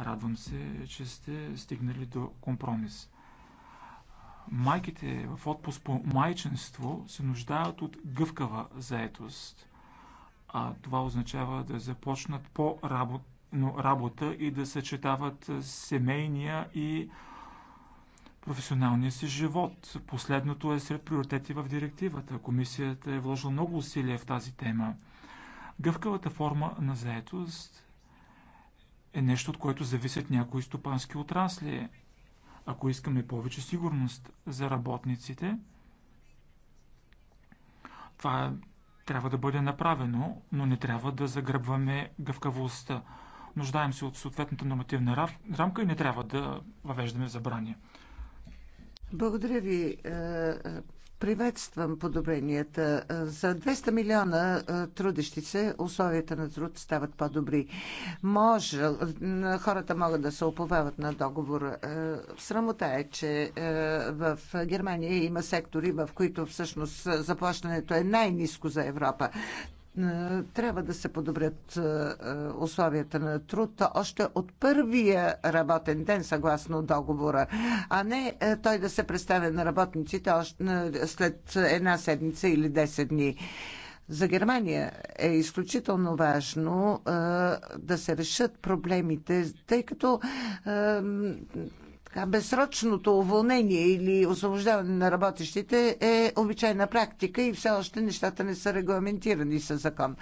Радвам се, че сте стигнали до компромис. Майките в отпуск по майченство се нуждаят от гъвкава заетост. А това означава да започнат по-рано работа и да съчетават семейния и професионалния си живот. Последното е сред приоритети в директивата. Комисията е вложила много усилия в тази тема. Гъвкавата форма на заетост е нещо, от което зависят някои стопански отрасли. Ако искаме повече сигурност за работниците, това трябва да бъде направено, но не трябва да загръбваме гъвкавостта. Нуждаем се от съответната нормативна рамка и не трябва да въвеждаме забрания. Благодаря ви. Е, е, Приветствам подобренията. За 200 милиона трудещи се условията на труд стават по-добри. Може, хората могат да се оповават на договор. Срамота е, че в Германия има сектори, в които всъщност заплащането е най-низко за Европа. Е, трябва да се подобрят е, условията на труд още от първия работен ден, съгласно договора, а не е, той да се представя на работниците след една седмица или 10 дни. За Германия е изключително важно а, да се решат проблемите, тъй като а, така, безсрочното уволнение или освобождаване на работещите е обичайна практика и все още нещата не са регламентирани със закон.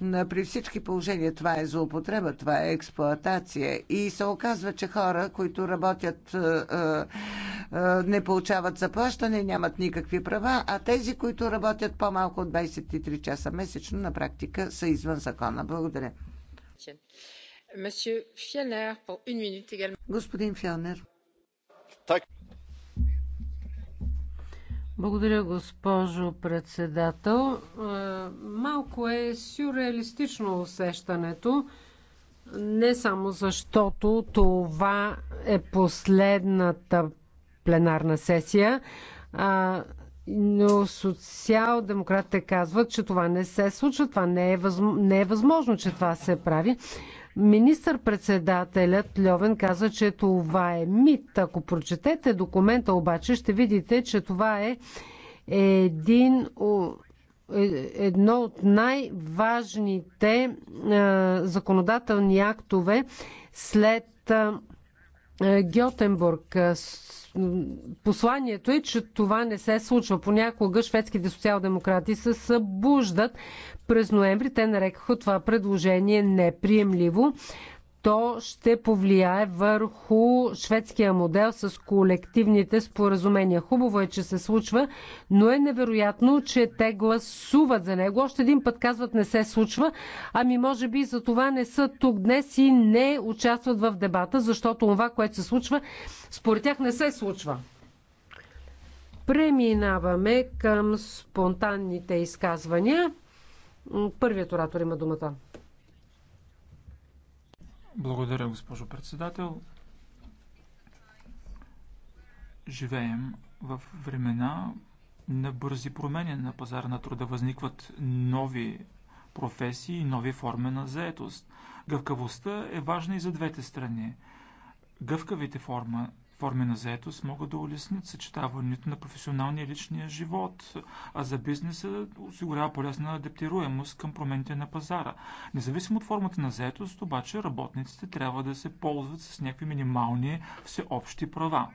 При всички положения това е злоупотреба, това е експлоатация и се оказва, че хора, които работят, е, е, е, не получават заплащане, нямат никакви права, а тези, които работят по-малко от 23 часа месечно, на практика са извън закона. Благодаря. Господин Фионер. Благодаря, госпожо председател. Е, малко е сюрреалистично усещането, не само защото това е последната пленарна сесия, а, но социал-демократите казват, че това не се случва, това не е, възм... не е възможно, че това се прави. Министър-председателят Льовен каза, че това е мит. Ако прочетете документа обаче, ще видите, че това е един е, едно от най-важните е, законодателни актове след е, Гьотенбург. Посланието е, че това не се случва. Понякога шведските социал-демократи се събуждат през ноември те нарекаха това предложение неприемливо. То ще повлияе върху шведския модел с колективните споразумения. Хубаво е, че се случва, но е невероятно, че те гласуват за него. Още един път казват не се случва, ами може би за това не са тук днес и не участват в дебата, защото това, което се случва, според тях не се случва. Преминаваме към спонтанните изказвания. Първият оратор има думата. Благодаря, госпожо председател. Живеем в времена на бързи промени на пазара на труда. Възникват нови професии и нови форми на заетост. Гъвкавостта е важна и за двете страни. Гъвкавите форма форми на заетост могат да улеснят съчетаването на професионалния и личния живот, а за бизнеса осигурява полезна адаптируемост към промените на пазара. Независимо от формата на заетост, обаче работниците трябва да се ползват с някакви минимални всеобщи права.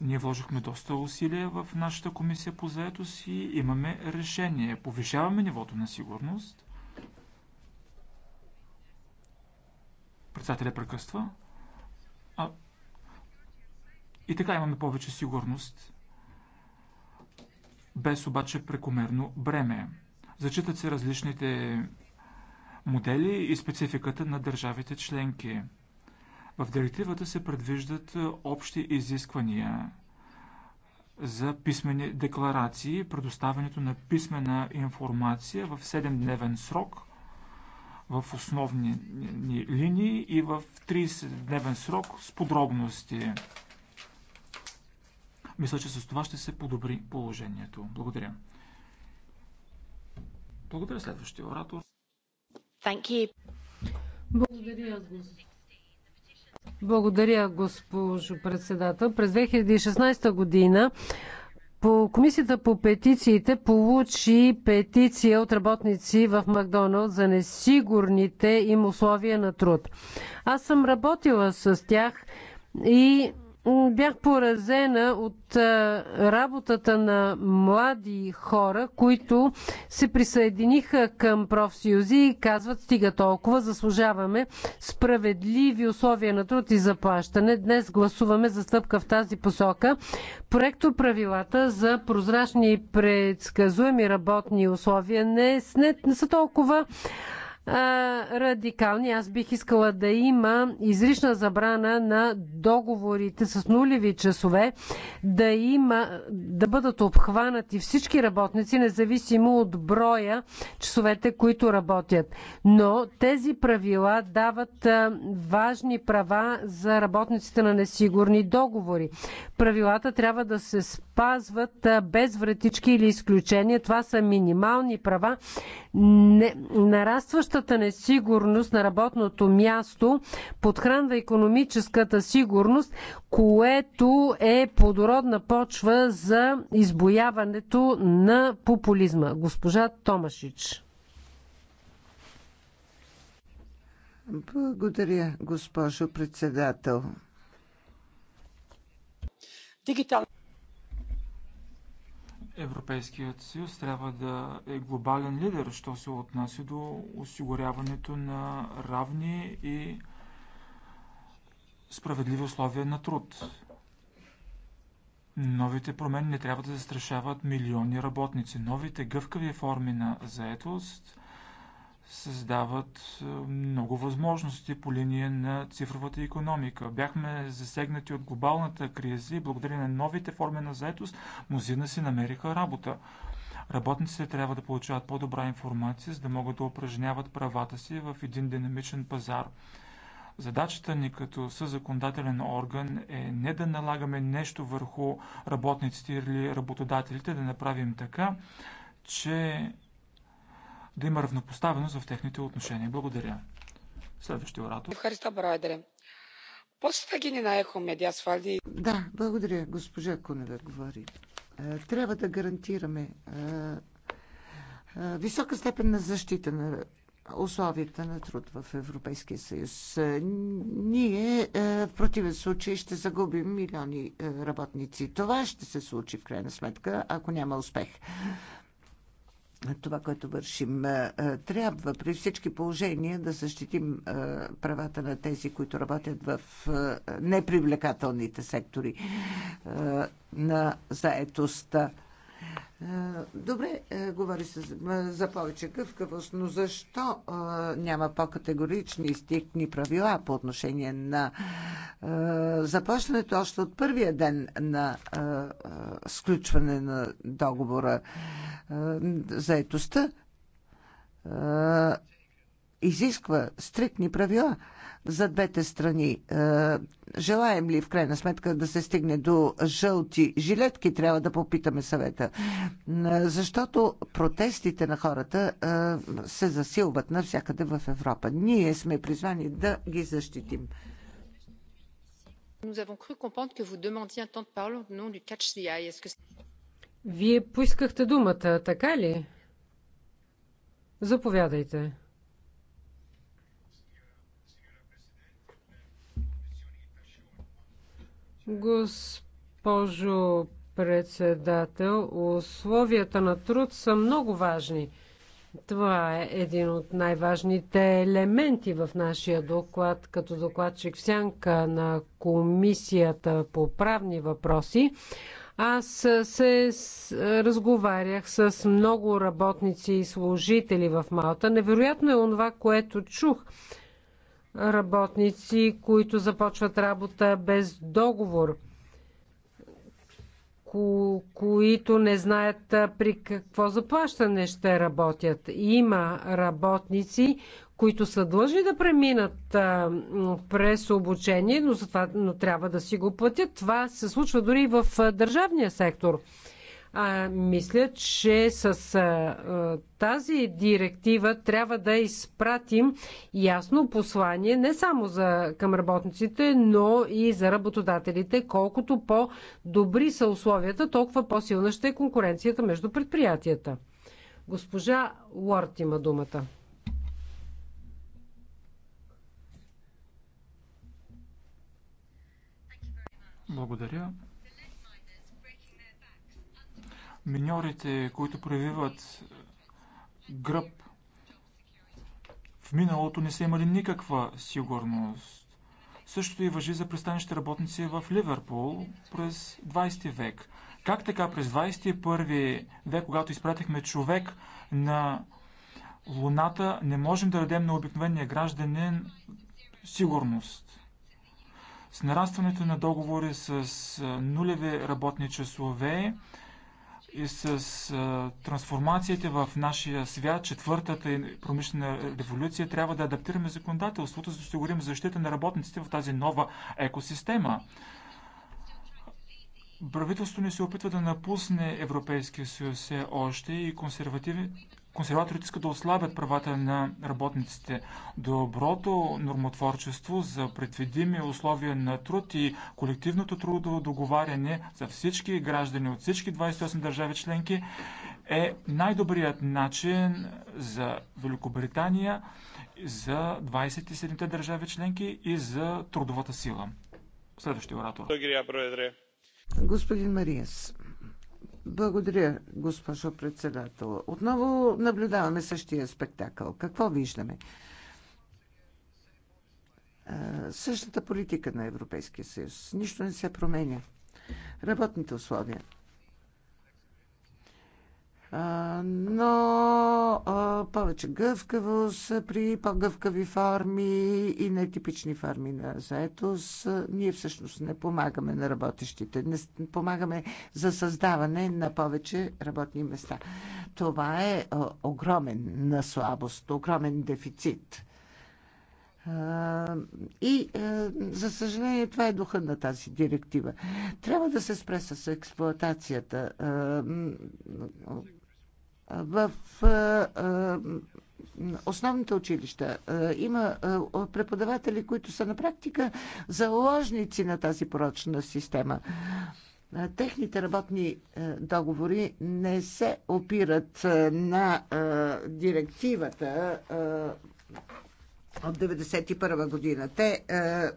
Ние вложихме доста усилия в нашата комисия по заетост и имаме решение. Повишаваме нивото на сигурност. Председателя прекъсва. А, и така имаме повече сигурност, без обаче прекомерно бреме. Зачитат се различните модели и спецификата на държавите членки. В директивата се предвиждат общи изисквания за писмени декларации, предоставянето на писмена информация в 7-дневен срок в основни линии и в 30-дневен срок с подробности. Мисля, че с това ще се подобри положението. Благодаря. Благодаря следващия оратор. Благодаря, Благодаря, госпожо председател. През 2016 година по Комисията по петициите получи петиция от работници в Макдоналд за несигурните им условия на труд. Аз съм работила с тях и бях поразена от работата на млади хора, които се присъединиха към профсъюзи и казват стига толкова, заслужаваме справедливи условия на труд и заплащане. Днес гласуваме за стъпка в тази посока. Проекто правилата за прозрачни и предсказуеми работни условия не, не, не са толкова радикални. Аз бих искала да има изрична забрана на договорите с нулеви часове, да има, да бъдат обхванати всички работници, независимо от броя часовете, които работят. Но тези правила дават важни права за работниците на несигурни договори правилата трябва да се спазват без вратички или изключения. Това са минимални права. Не, нарастващата несигурност на работното място подхранва економическата сигурност, което е плодородна почва за избояването на популизма. Госпожа Томашич. Благодаря, госпожо председател дигитални. Европейският съюз трябва да е глобален лидер, що се отнася до осигуряването на равни и справедливи условия на труд. Новите промени не трябва да застрашават милиони работници. Новите гъвкави форми на заетост създават е, много възможности по линия на цифровата економика. Бяхме засегнати от глобалната криза и благодарение на новите форми на заетост, мнозина си намериха работа. Работниците трябва да получават по-добра информация, за да могат да упражняват правата си в един динамичен пазар. Задачата ни като съзаконодателен орган е не да налагаме нещо върху работниците или работодателите, да направим така, че да има равнопоставеност в техните отношения. Благодаря. Следващия оратор. Да, благодаря. Госпожа Конева говори. Е, трябва да гарантираме е, е, висока степен на защита на условията на труд в Европейския съюз. Ние в противен случай ще загубим милиони работници. Това ще се случи в крайна сметка, ако няма успех това, което вършим. Е, е, трябва при всички положения да защитим е, правата на тези, които работят в непривлекателните сектори на заетостта. Е, добре, е, говори се за повече гъвкавост, но защо е, няма по-категорични и стикни правила по отношение на започването още от първия ден на сключване на договора за етостта? изисква стрикни правила – за двете страни. Е, желаем ли в крайна сметка да се стигне до жълти жилетки, трябва да попитаме съвета. Е, защото протестите на хората е, се засилват навсякъде в Европа. Ние сме призвани да ги защитим. Вие поискахте думата, така ли? Заповядайте. Госпожо председател, условията на труд са много важни. Това е един от най-важните елементи в нашия доклад, като докладчик в сянка на Комисията по правни въпроси. Аз се разговарях с много работници и служители в Малта. Невероятно е онова, което чух работници, които започват работа без договор, ко- които не знаят при какво заплащане ще работят. Има работници, които са длъжни да преминат а, през обучение, но, затова, но трябва да си го платят. Това се случва дори в а, държавния сектор. А, мисля, че с а, тази директива трябва да изпратим ясно послание не само за, към работниците, но и за работодателите. Колкото по-добри са условията, толкова по-силна ще е конкуренцията между предприятията. Госпожа Уорд има думата. Благодаря миньорите, които превиват гръб, в миналото не са имали никаква сигурност. Същото и въжи за пристанище работници в Ливерпул през 20 век. Как така през 21 век, когато изпратихме човек на Луната, не можем да дадем на обикновения гражданин сигурност? С нарастването на договори с нулеви работни часове, и с а, трансформациите в нашия свят, четвъртата промишлена революция, трябва да адаптираме законодателството, за да осигурим защита на работниците в тази нова екосистема. Правителството ни се опитва да напусне Европейския съюз все още и консервативни Консерваторите искат да ослабят правата на работниците. Доброто нормотворчество за предвидими условия на труд и колективното трудово договаряне за всички граждани от всички 28 държави членки е най-добрият начин за Великобритания, за 27-те държави членки и за трудовата сила. Следващия оратор. Господин Мариес. Благодаря, госпожо председател. Отново наблюдаваме същия спектакъл. Какво виждаме? същата политика на Европейския съюз. Нищо не се променя. Работните условия, но повече гъвкавост при по-гъвкави форми и нетипични форми на заетост. Ние всъщност не помагаме на работещите, не помагаме за създаване на повече работни места. Това е огромен на слабост, огромен дефицит. И, за съжаление, това е духа на тази директива. Трябва да се спре с експлоатацията в основните училища. Има преподаватели, които са на практика заложници на тази порочна система. Техните работни договори не се опират на директивата от 1991 година. Те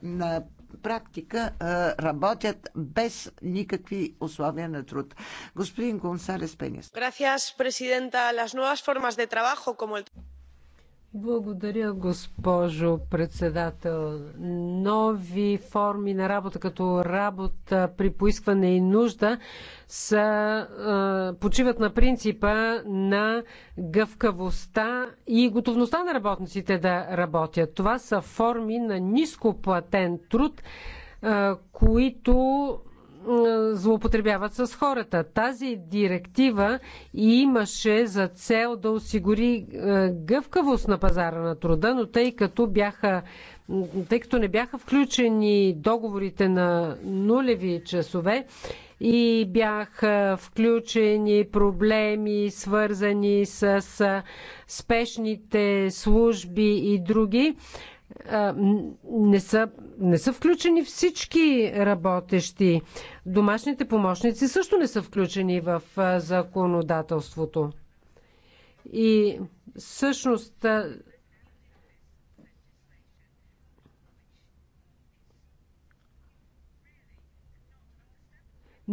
на практика работят без никакви условия на труд. Господин Гонсалес Пенес. Gracias, presidenta. Las nuevas formas de trabajo, como el... Благодаря, госпожо председател. Нови форми на работа, като работа при поискване и нужда, са, е, почиват на принципа на гъвкавостта и готовността на работниците да работят. Това са форми на нископлатен труд, е, които злоупотребяват с хората. Тази директива имаше за цел да осигури е, гъвкавост на пазара на труда, но тъй като, бяха, тъй като не бяха включени договорите на нулеви часове и бяха включени проблеми, свързани с спешните служби и други, не са, не са включени всички работещи. Домашните помощници също не са включени в законодателството. И всъщност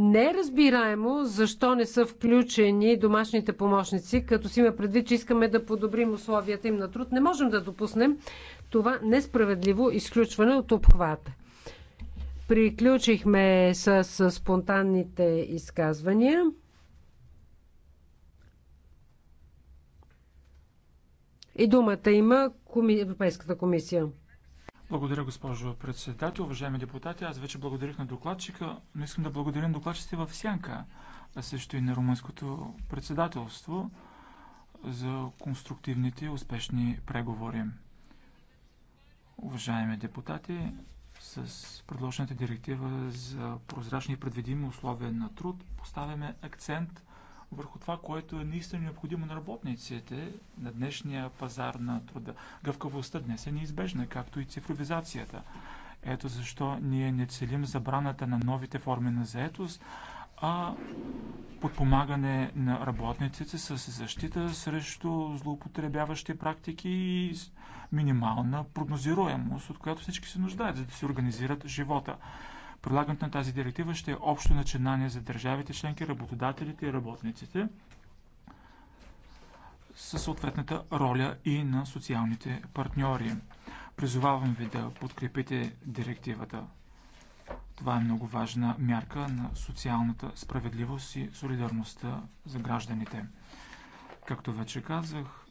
Не е разбираемо защо не са включени домашните помощници, като си има предвид, че искаме да подобрим условията им на труд. Не можем да допуснем това несправедливо изключване от обхвата. Приключихме с, с спонтанните изказвания. И думата има коми... Европейската комисия. Благодаря, госпожо председател. Уважаеми депутати, аз вече благодарих на докладчика, но искам да благодаря на докладчиците в Сянка, а също и на румънското председателство за конструктивните и успешни преговори. Уважаеми депутати, с предложената директива за прозрачни и предвидими условия на труд поставяме акцент върху това, което е наистина необходимо на работниците на днешния пазар на труда. Гъвкавостта днес е неизбежна, както и цифровизацията. Ето защо ние не целим забраната на новите форми на заетост, а подпомагане на работниците с защита срещу злоупотребяващи практики и минимална прогнозируемост, от която всички се нуждаят, за да си организират живота. Прилагането на тази директива ще е общо начинание за държавите членки, работодателите и работниците със съответната роля и на социалните партньори. Призовавам ви да подкрепите директивата. Това е много важна мярка на социалната справедливост и солидарността за гражданите. Както вече казах,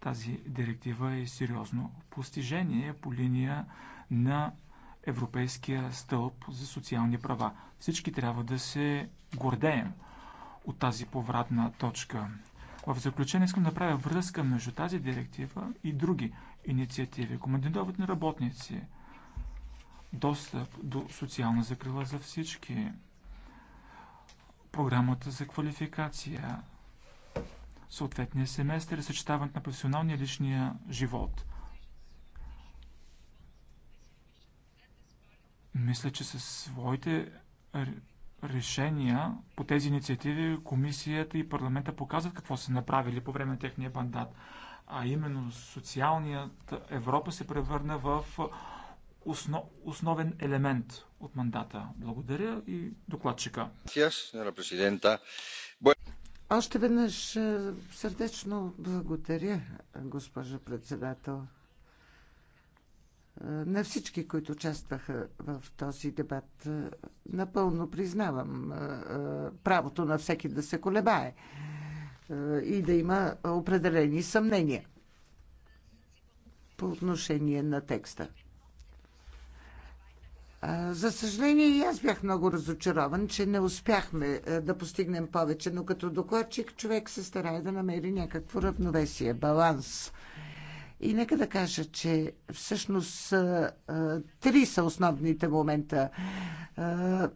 тази директива е сериозно постижение по линия на Европейския стълб за социални права. Всички трябва да се гордеем от тази повратна точка. В заключение искам да направя връзка между тази директива и други инициативи. Командировът на работници, достъп до социална закрила за всички, програмата за квалификация, съответния семестър и съчетаването на професионалния и личния живот. Мисля, че със своите решения по тези инициативи комисията и парламента показват какво са направили по време на техния мандат. А именно социалният Европа се превърна в основен елемент от мандата. Благодаря и докладчика. Още веднъж е, сърдечно благодаря, госпожа председател, е, на всички, които участваха в този дебат. Е, напълно признавам правото на всеки да се колебае и да има определени съмнения по отношение на текста. За съжаление и аз бях много разочарован, че не успяхме да постигнем повече, но като докладчик човек се старае да намери някакво равновесие, баланс. И нека да кажа, че всъщност три са основните момента.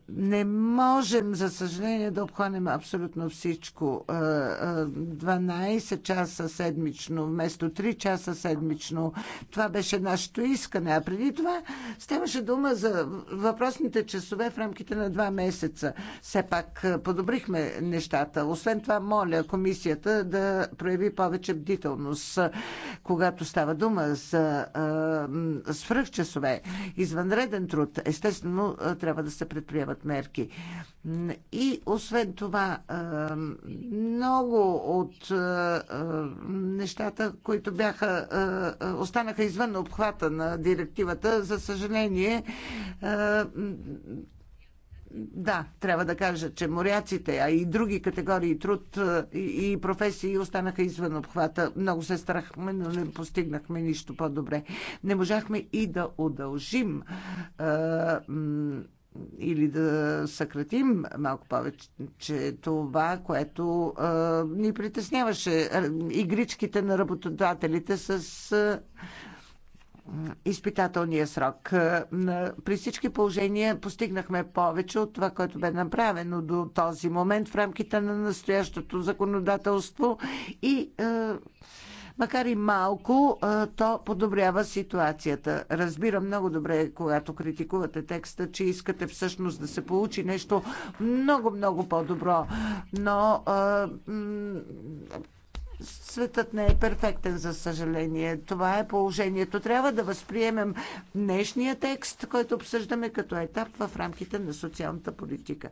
Не можем, за съжаление, да обхванем абсолютно всичко. 12 часа седмично вместо 3 часа седмично. Това беше нашето искане. А преди това ставаше дума за въпросните часове в рамките на 2 месеца. Все пак подобрихме нещата. Освен това, моля комисията да прояви повече бдителност, когато става дума за а, свръхчасове, извънреден труд, естествено трябва да се предприемат мерки. И освен това, а, много от а, нещата, които бяха, а, останаха извън обхвата на директивата, за съжаление, а, да, трябва да кажа, че моряците, а и други категории труд е, и професии останаха извън обхвата. Много се страхме, но не постигнахме нищо по-добре. Не можахме и да удължим е, или да съкратим малко повече че това, което а, е, ни притесняваше. Игричките на работодателите с а, изпитателния срок. Е, при всички положения постигнахме повече от това, което бе направено до този момент в рамките на настоящото законодателство и е, макар и малко, е, то подобрява ситуацията. Разбирам много добре, когато критикувате текста, че искате всъщност да се получи нещо много-много по-добро, но Светът не е перфектен, за съжаление. Това е положението. Трябва да възприемем днешния текст, който обсъждаме като етап в рамките на социалната политика.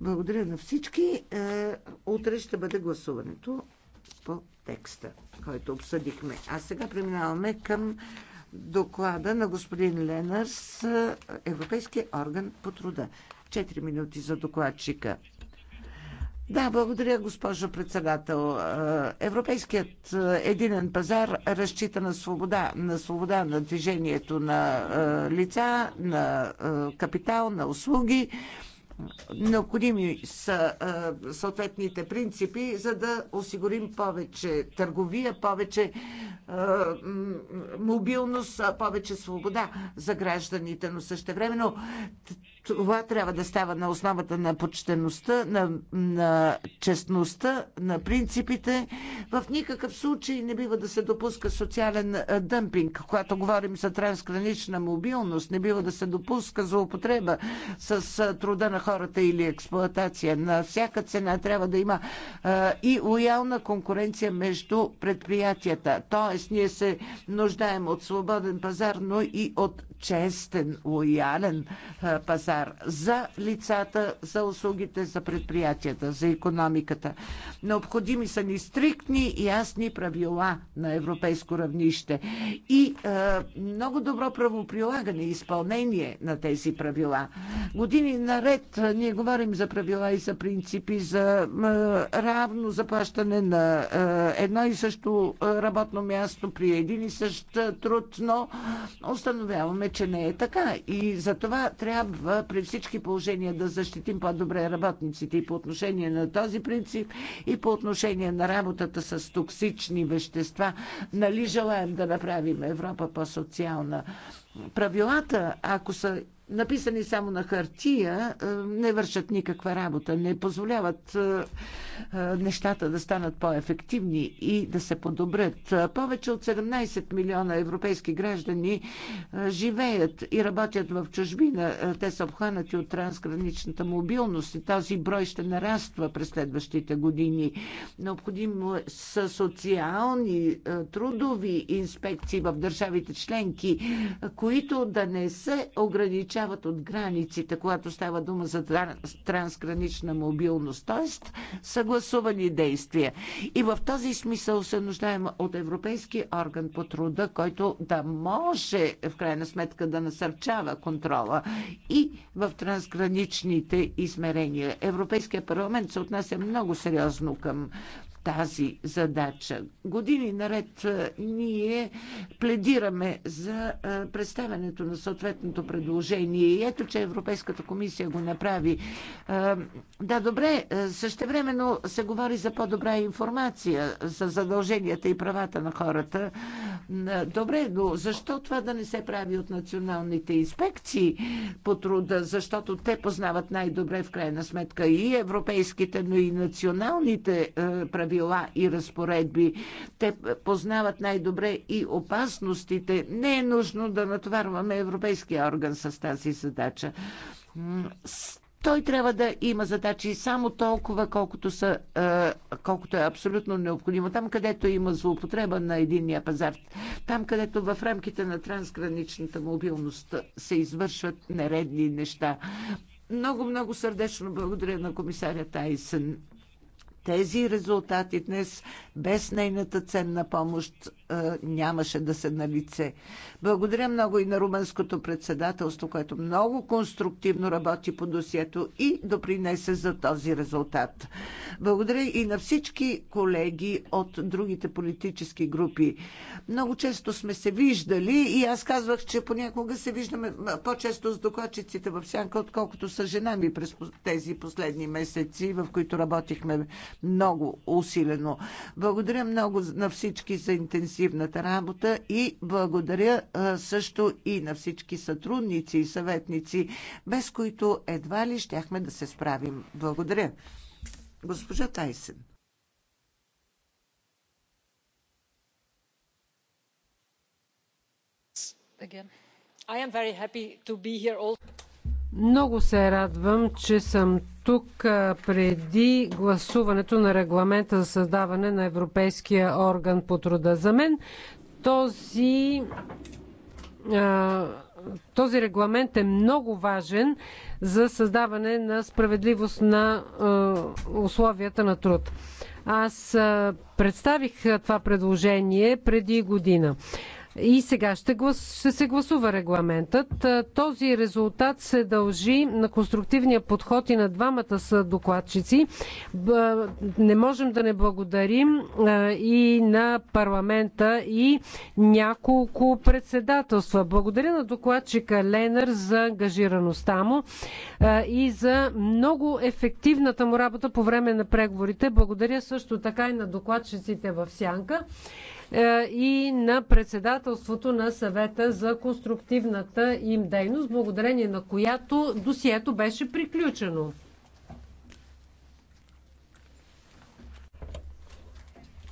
Благодаря на всички. Е, утре ще бъде гласуването по текста, който обсъдихме. А сега преминаваме към доклада на господин Ленърс, Европейския орган по труда. Четири минути за докладчика. Да, благодаря, госпожо председател. Е, европейският е, единен пазар разчита на свобода, на свобода на движението на е, лица, на капитал, на услуги. Необходими са съответните принципи, за да осигурим повече търговия, повече мобилност, повече свобода за гражданите, но времено. Това трябва да става на основата на почтеността, на, на честността, на принципите. В никакъв случай не бива да се допуска социален дъмпинг. Когато говорим за трансгранична мобилност, не бива да се допуска злоупотреба с труда на хората или експлоатация. На всяка цена трябва да има а, и лоялна конкуренция между предприятията. Тоест, ние се нуждаем от свободен пазар, но и от честен, лоялен а, пазар пазар, за лицата, за услугите, за предприятията, за економиката. Необходими са ни стриктни и ясни правила на европейско равнище и е, много добро правоприлагане и изпълнение на тези правила. Години наред е, ние говорим за правила и за принципи, за е, равно заплащане на е, едно и също е, работно място при един и същ е, труд, но установяваме, че не е така. И за това трябва при всички положения да защитим по-добре работниците и по отношение на този принцип и по отношение на работата с токсични вещества. Нали желаем да направим Европа по-социална? Правилата, ако са написани само на хартия, е, не вършат никаква работа, не позволяват е, е, нещата да станат по-ефективни и да се подобрят. Повече от 17 милиона европейски граждани живеят и работят в чужбина. Те са обхванати от трансграничната мобилност и този брой ще нараства през следващите години. Необходимо са социални, трудови инспекции в държавите членки, които да не се ограничат отличават от границите, когато става дума за трансгранична мобилност, т.е. съгласувани действия. И в този смисъл се нуждаем от Европейски орган по труда, който да може в крайна сметка да насърчава контрола и в трансграничните измерения. Европейския парламент се отнася много сериозно към тази задача. Години наред ние пледираме за представянето на съответното предложение и ето, че Европейската комисия го направи. Да, добре, същевременно се говори за по-добра информация за задълженията и правата на хората. Добре, но защо това да не се прави от националните инспекции по труда? Защото те познават най-добре в крайна сметка и европейските, но и националните правила правила и разпоредби. Те познават най-добре и опасностите. Не е нужно да натоварваме Европейския орган с тази задача. Той трябва да има задачи само толкова, колкото, са, е, колкото е абсолютно необходимо. Там, където има злоупотреба на единния пазар, там, където в рамките на трансграничната мобилност се извършват нередни неща. Много, много сърдечно благодаря на комисаря Тайсън тези резултати днес без нейната ценна помощ нямаше да се налице. Благодаря много и на румънското председателство, което много конструктивно работи по досието и допринесе за този резултат. Благодаря и на всички колеги от другите политически групи. Много често сме се виждали и аз казвах, че понякога се виждаме по-често с докладчиците в сянка, отколкото са жена ми през тези последни месеци, в които работихме много усилено. Благодаря много на всички за интенсивността интензивната работа и благодаря също и на всички сътрудници и съветници, без които едва ли щяхме да се справим. Благодаря. Госпожа Тайсен. Again. I am very happy to be here all... Много се радвам, че съм тук преди гласуването на регламента за създаване на Европейския орган по труда. За мен този, този регламент е много важен за създаване на справедливост на условията на труд. Аз представих това предложение преди година. И сега ще, глас, ще се гласува регламентът. Е, този резултат се дължи на конструктивния подход и на двамата са докладчици. Е, не можем да не благодарим е, и на парламента и няколко председателства. Благодаря на докладчика Ленър за ангажираността му и за много ефективната му работа по време на преговорите. Благодаря също така и на докладчиците в Сянка. Е, и на председателството на съвета за конструктивната им дейност, благодарение на която досието беше приключено.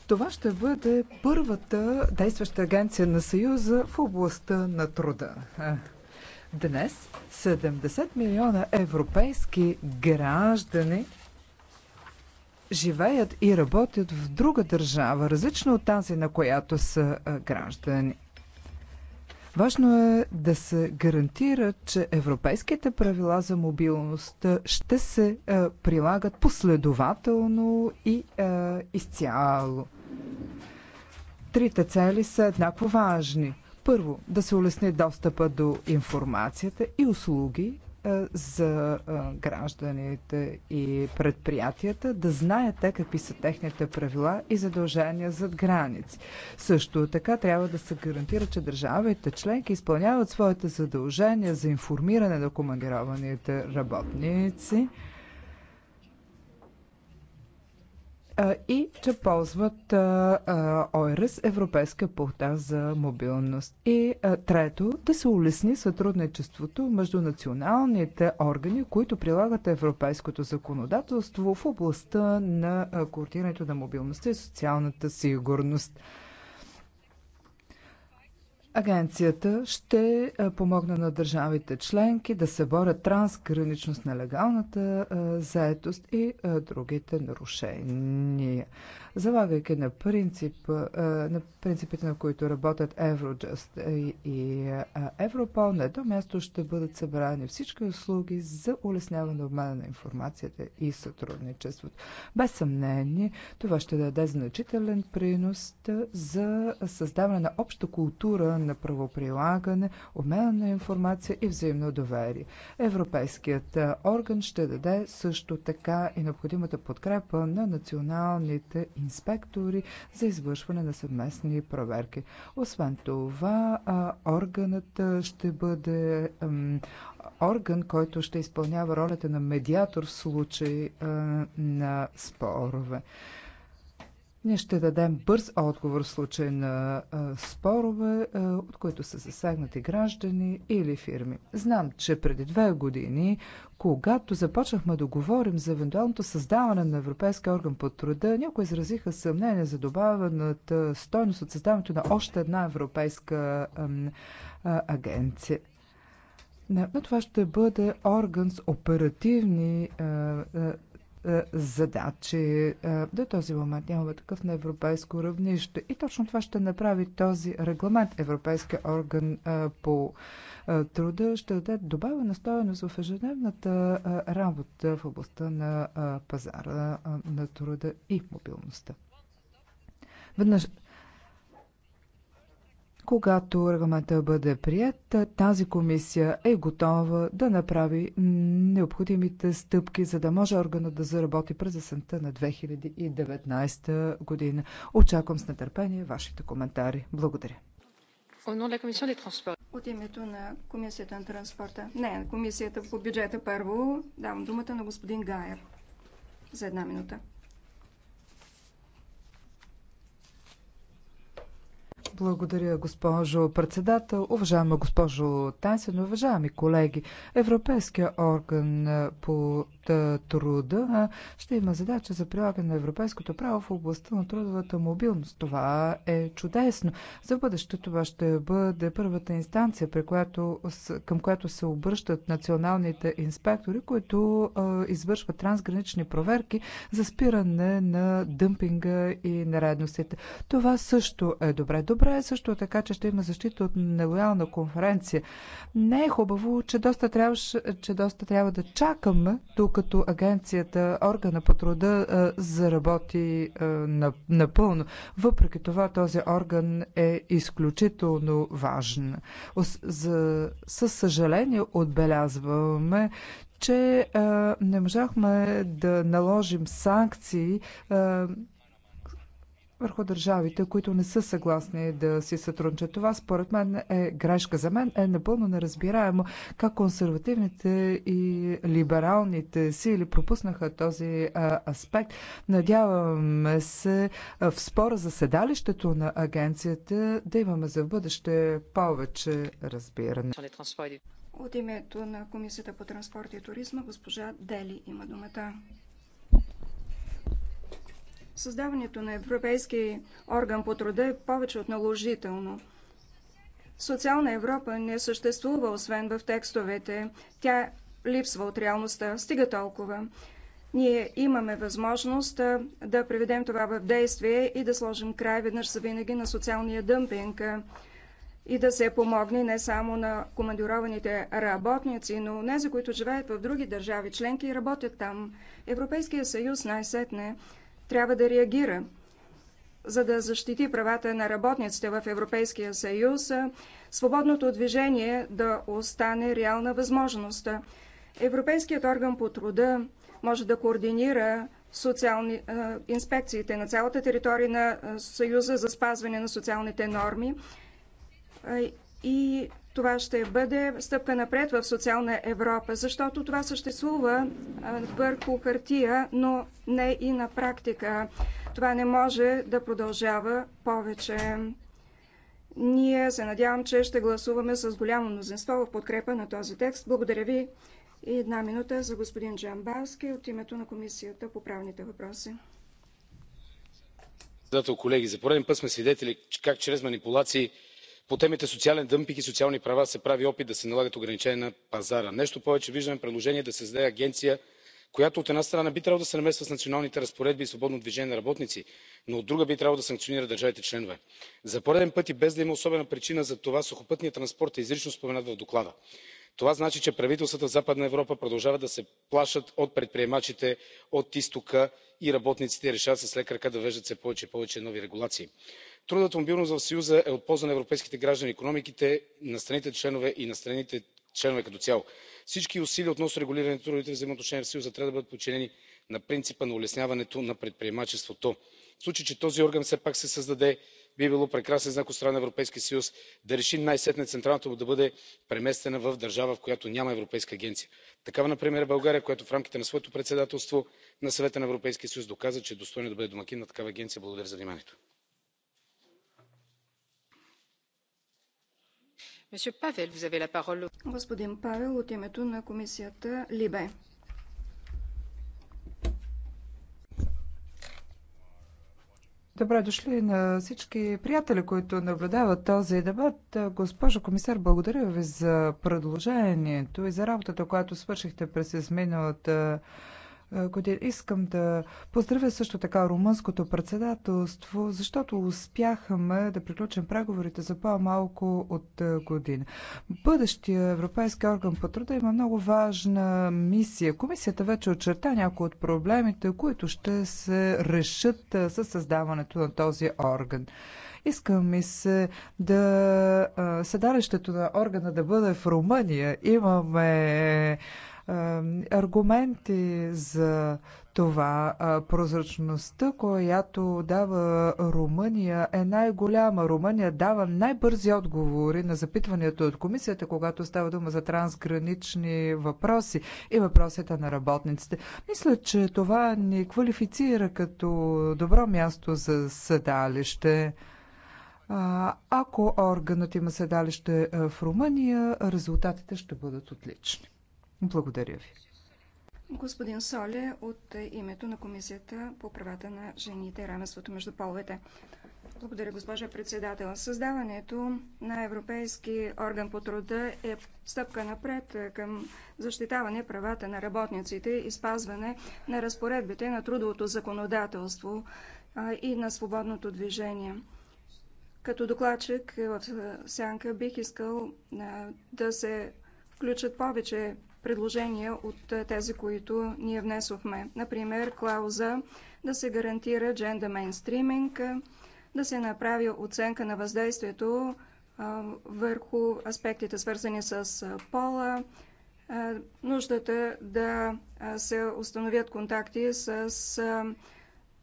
Това ще бъде първата действаща агенция на Съюза в областта на труда. Е, днес 70 милиона европейски граждани живеят и работят в друга държава, различна от тази, на която са граждани. Важно е да се гарантира, че европейските правила за мобилност ще се прилагат последователно и изцяло. Трите цели са еднакво важни. Първо, да се улесни достъпа до информацията и услуги е, за е, гражданите и предприятията, да знаят те какви са техните правила и задължения зад граници. Също така трябва да се гарантира, че държавите членки изпълняват своите задължения за информиране на командированите работници. и че ползват ОРС, Европейска полта за мобилност. И трето, да се улесни сътрудничеството между националните органи, които прилагат европейското законодателство в областта на координирането на мобилността и социалната сигурност. Агенцията ще помогне на държавите членки да се борят трансгранично с нелегалната заетост и другите нарушения. Залагайки на, принцип, на принципите, на които работят Евроджаст и Европол, на едно място ще бъдат събрани всички услуги за улесняване на обмена на информацията и сътрудничеството. Без съмнение, това ще даде значителен принос за създаване на обща култура взаимно правоприлагане, обмена на информация и взаимно доверие. Европейският орган ще даде също така и необходимата подкрепа на националните инспектори за извършване на съвместни проверки. Освен това, органът ще бъде орган, който ще изпълнява ролята на медиатор в случай на спорове. Ние ще дадем бърз отговор в случай на а, спорове, а, от които са засегнати граждани или фирми. Знам, че преди две години, когато започнахме да говорим за евентуалното създаване на Европейския орган по труда, някои изразиха съмнение за добавената стойност от създаването на още една европейска а, а, агенция. Не, но това ще бъде орган с оперативни а, а, е, задачи. Е, до този момент нямаме такъв на европейско равнище. И точно това ще направи този регламент. Европейския орган е, по труда ще даде добавена стоеност в ежедневната работа в областта на пазара на труда и мобилността. Веднъж когато регламента бъде прият, тази комисия е готова да направи необходимите стъпки, за да може органът да заработи през есента на 2019 година. Очаквам с нетърпение вашите коментари. Благодаря. От името на Комисията на транспорта. Не, на Комисията по бюджета първо. Давам думата на господин Гайер за една минута. Благодаря, госпожо председател. Уважаема госпожо Тансен, уважаеми колеги, Европейския орган по труда ще има задача за прилагане на европейското право в областта на трудовата мобилност. Това е чудесно. За бъдеще това ще бъде първата инстанция, при която, към която се обръщат националните инспектори, които а, извършват трансгранични проверки за спиране на дъмпинга и нередностите. Това също е добре. Добре Добре е също така, че ще има защита от нелоялна конференция. Не е хубаво, че доста, трябва, че доста трябва да чакаме, докато агенцията, органа по труда заработи напълно. Въпреки това, този орган е изключително важен. За, със съжаление отбелязваме, че не можахме да наложим санкции върху държавите, които не са съгласни да си сътрудничат. Това според мен е грешка. За мен е напълно неразбираемо как консервативните и либералните сили пропуснаха този а, аспект. Надяваме се а, в спора за седалището на агенцията да имаме за бъдеще повече разбиране. От името на Комисията по транспорт и туризма госпожа Дели има думата. Създаването на Европейски орган по труда е повече от наложително. Социална Европа не съществува, освен в текстовете. Тя липсва от реалността. Стига толкова. Ние имаме възможност да приведем това в действие и да сложим край веднъж за винаги на социалния дъмпинг и да се помогне не само на командированите работници, но не за които живеят в други държави членки и работят там. Европейския съюз най-сетне трябва да реагира, за да защити правата на работниците в Европейския съюз, свободното движение да остане реална възможност. Европейският орган по труда може да координира социални, а, инспекциите на цялата територия на Съюза за спазване на социалните норми а, и това ще бъде стъпка напред в социална Европа, защото това съществува върху хартия, но не и на практика. Това не може да продължава повече. Ние се надявам, че ще гласуваме с голямо мнозинство в подкрепа на този текст. Благодаря ви. И една минута за господин Джамбарски от името на Комисията по правните въпроси. Председател, колеги, за пореден път сме свидетели как чрез манипулации по темите социален дъмпинг и социални права се прави опит да се налагат ограничения на пазара. нещо повече виждаме предложение да се създаде агенция която от една страна би трябвало да се намесва с националните разпоредби и свободно движение на работници но от друга би трябвало да санкционира държавите членки. за пореден път и без да има особена причина за това сухопътният транспорт е изрично споменат в доклада. това значи че правителствата в западна европа продължават да се плашат от предприемачите от изтока и работниците и решават с лека ръка да въвеждат все повече и повече нови регулации трудовата мобилност в съюза е от полза на европейските граждани икономиките на страните членки и на страните членове като цяло. всички усилия относно регулиране на трудовите взаимоотношения в съюза трябва да бъдат подчинени на принципа на улесняването на предприемачеството. в случай че този орган все пак се създаде би било прекрасен знак от страна на европейския съюз да реши най сетне централата му да бъде преместена в държава в която няма европейска агенция. такава например е българя която в рамките на своето председателство на съвета на европейския съюз доказа че е достойна да бъде домакин на такава агенция. благодаря за вниманието. Господин Павел от името на комисията Либе. Добре дошли на всички приятели, които наблюдават този дебат. Госпожо комисар, благодаря ви за предложението и за работата, която свършихте през изминалата е, година. Искам да поздравя също така румънското председателство, защото успяхме да приключим преговорите за по-малко от е, година. Бъдещия Европейски орган по труда има много важна мисия. Комисията вече очерта някои от проблемите, които ще се решат е, със създаването на този орган. Искам ми се да седалището на органа да бъде в Румъния. Имаме е, аргументи за това. Е, прозрачността, която дава Румъния, е най-голяма. Румъния дава най-бързи отговори на запитванията от комисията, когато става дума за трансгранични въпроси и въпросите на работниците. Мисля, че това ни квалифицира като добро място за седалище. Е, ако органът има седалище в Румъния, резултатите ще бъдат отлични. Благодаря ви. Господин Соле, от името на Комисията по правата на жените и равенството между половете. Благодаря, госпожа председател. Създаването на Европейски орган по труда е стъпка напред към защитаване правата на работниците и спазване на разпоредбите на трудовото законодателство и на свободното движение. Като докладчик в Сянка бих искал да се включат повече предложения от е, тези, които ние внесохме. Например, клауза да се гарантира джендър мейнстриминг, е, да се направи оценка на въздействието е, върху аспектите свързани с пола, нуждата да се установят контакти с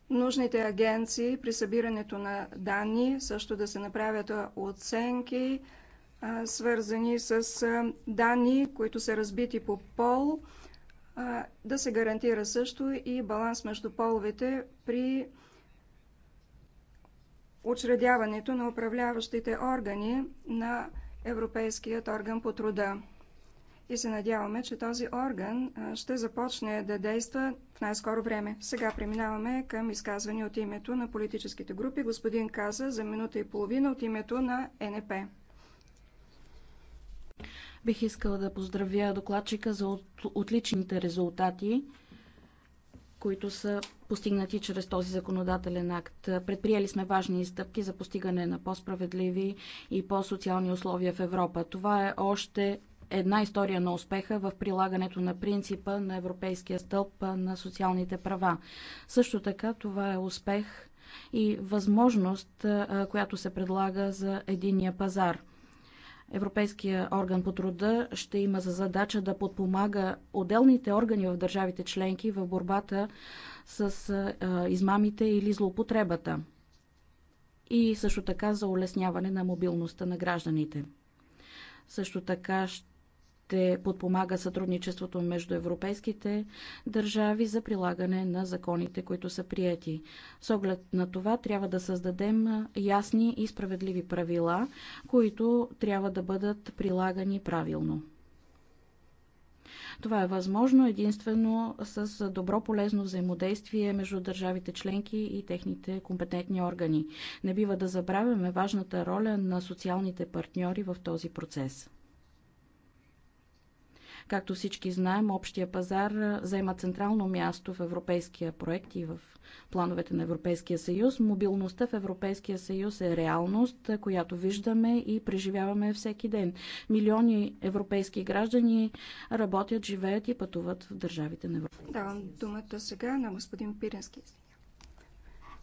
нужните агенции при събирането на данни, също да се направят оценки свързани с данни, които са разбити по пол, да се гарантира също и баланс между половете при учредяването на управляващите органи на Европейският орган по труда. И се надяваме, че този орган ще започне да действа в най-скоро време. Сега преминаваме към изказване от името на политическите групи. Господин Каза за минута и половина от името на НП. Бих искала да поздравя докладчика за отличните резултати, които са постигнати чрез този законодателен акт. Предприели сме важни стъпки за постигане на по-справедливи и по-социални условия в Европа. Това е още една история на успеха в прилагането на принципа на Европейския стълб на социалните права. Също така това е успех и възможност, която се предлага за единия пазар. Европейския орган по труда ще има за задача да подпомага отделните органи в държавите членки в борбата с измамите или злоупотребата и също така за улесняване на мобилността на гражданите. Също така ще ще подпомага сътрудничеството между европейските държави за прилагане на законите, които са прияти. С оглед на това трябва да създадем ясни и справедливи правила, които трябва да бъдат прилагани правилно. Това е възможно единствено с добро полезно взаимодействие между държавите членки и техните компетентни органи. Не бива да забравяме важната роля на социалните партньори в този процес. Както всички знаем, общия пазар заема централно място в европейския проект и в плановете на Европейския съюз. Мобилността в Европейския съюз е реалност, която виждаме и преживяваме всеки ден. Милиони европейски граждани работят, живеят и пътуват в държавите на Европейския Давам думата сега на господин Пирински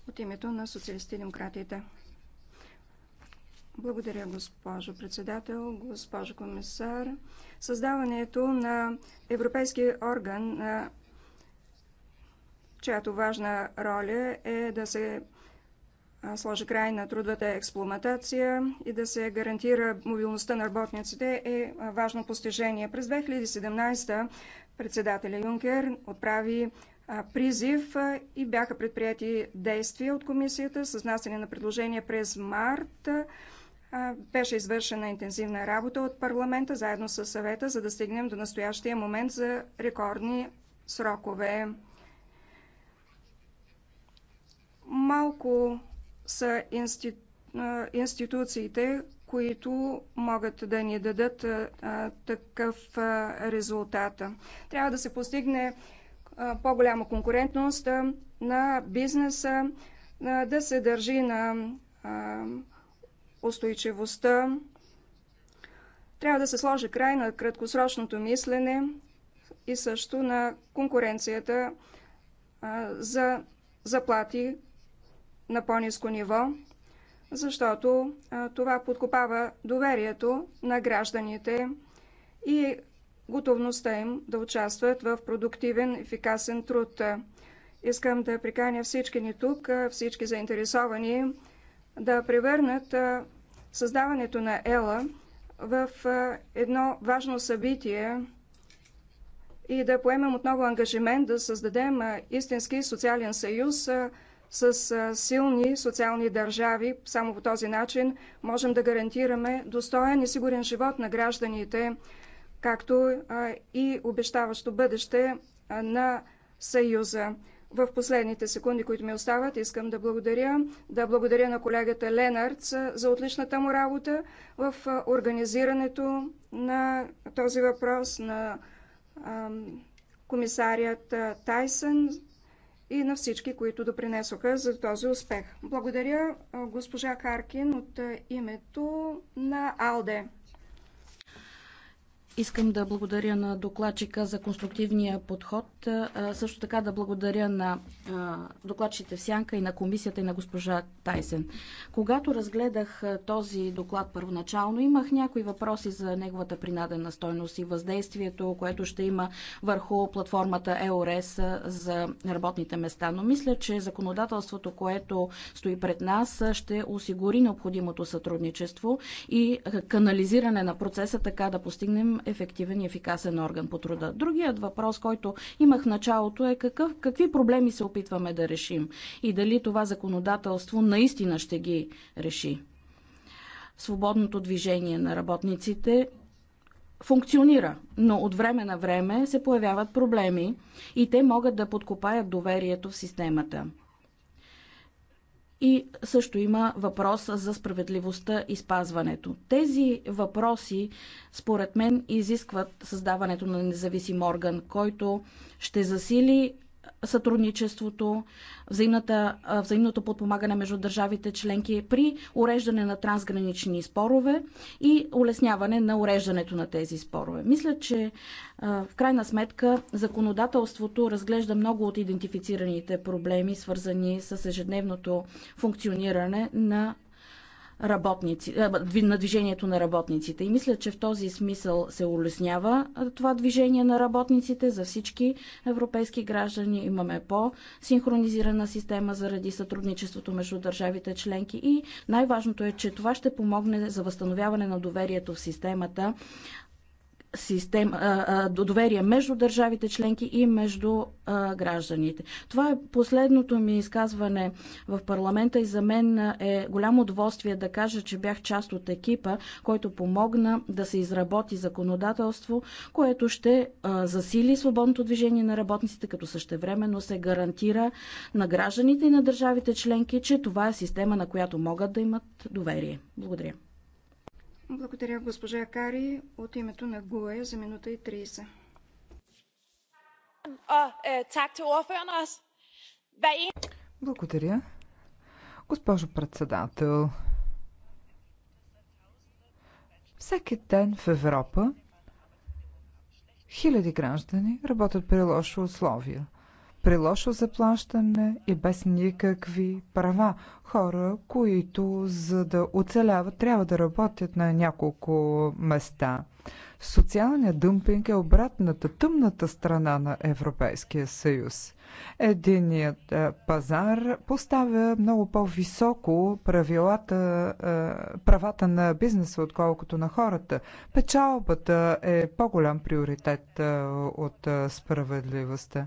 от името на социалистите демократите. Благодаря, госпожо председател, госпожо комисар. Създаването на Европейски орган, чиято важна роля е да се сложи край на трудвата експлуатация и да се гарантира мобилността на работниците е важно постижение. През 2017 председателя Юнкер отправи призив и бяха предприяти действия от комисията с насене на предложение през март беше извършена интензивна работа от парламента заедно с съвета, за да стигнем до настоящия момент за рекордни срокове. Малко са институ... институциите, които могат да ни дадат а, такъв а, резултат. Трябва да се постигне по-голяма конкурентност а, на бизнеса, а, да се държи на а, устойчивостта. Трябва да се сложи край на краткосрочното мислене и също на конкуренцията за заплати на по-низко ниво, защото това подкопава доверието на гражданите и готовността им да участват в продуктивен, ефикасен труд. Искам да приканя всички ни тук, всички заинтересовани да превърнат създаването на Ела в едно важно събитие и да поемем отново ангажимент да създадем истински социален съюз с силни социални държави. Само по този начин можем да гарантираме достоен и сигурен живот на гражданите, както и обещаващо бъдеще на Съюза. В последните секунди, които ми остават, искам да благодаря, да благодаря на колегата Ленард за отличната му работа в организирането на този въпрос, на ам, комисарият Тайсън и на всички, които допринесоха за този успех. Благодаря госпожа Харкин от името на АЛДЕ. Искам да благодаря на докладчика за конструктивния подход. Също така да благодаря на докладчите в Сянка и на комисията и на госпожа Тайсен. Когато разгледах този доклад първоначално, имах някои въпроси за неговата принадена стойност и въздействието, което ще има върху платформата ЕОРЕС за работните места. Но мисля, че законодателството, което стои пред нас, ще осигури необходимото сътрудничество и канализиране на процеса, така да постигнем ефективен и ефикасен орган по труда. Другият въпрос, който имах в началото е какъв, какви проблеми се опитваме да решим и дали това законодателство наистина ще ги реши. Свободното движение на работниците функционира, но от време на време се появяват проблеми и те могат да подкопаят доверието в системата. И също има въпрос за справедливостта и спазването. Тези въпроси, според мен, изискват създаването на независим орган, който ще засили сътрудничеството, взаимната, взаимното подпомагане между държавите членки при уреждане на трансгранични спорове и улесняване на уреждането на тези спорове. Мисля, че в крайна сметка законодателството разглежда много от идентифицираните проблеми, свързани с ежедневното функциониране на работници, на движението на работниците. И мисля, че в този смисъл се улеснява това движение на работниците за всички европейски граждани. Имаме по-синхронизирана система заради сътрудничеството между държавите членки и най-важното е, че това ще помогне за възстановяване на доверието в системата система, доверие между държавите членки и между гражданите. Това е последното ми изказване в парламента и за мен е голямо удоволствие да кажа, че бях част от екипа, който помогна да се изработи законодателство, което ще засили свободното движение на работниците, като същевременно се гарантира на гражданите и на държавите членки, че това е система, на която могат да имат доверие. Благодаря. Благодаря госпожа Кари от името на ГУЕ за минута и 30. Øh, Благодаря. Госпожо председател, всеки ден в Европа хиляди граждани работят при лоши условия – при лошо заплащане и без никакви права. Хора, които за да оцеляват, трябва да работят на няколко места. Социалният дъмпинг е обратната, тъмната страна на Европейския съюз. Единият е, пазар поставя много по-високо правилата, е, правата на бизнеса, отколкото на хората. Печалбата е по-голям приоритет е, от справедливостта.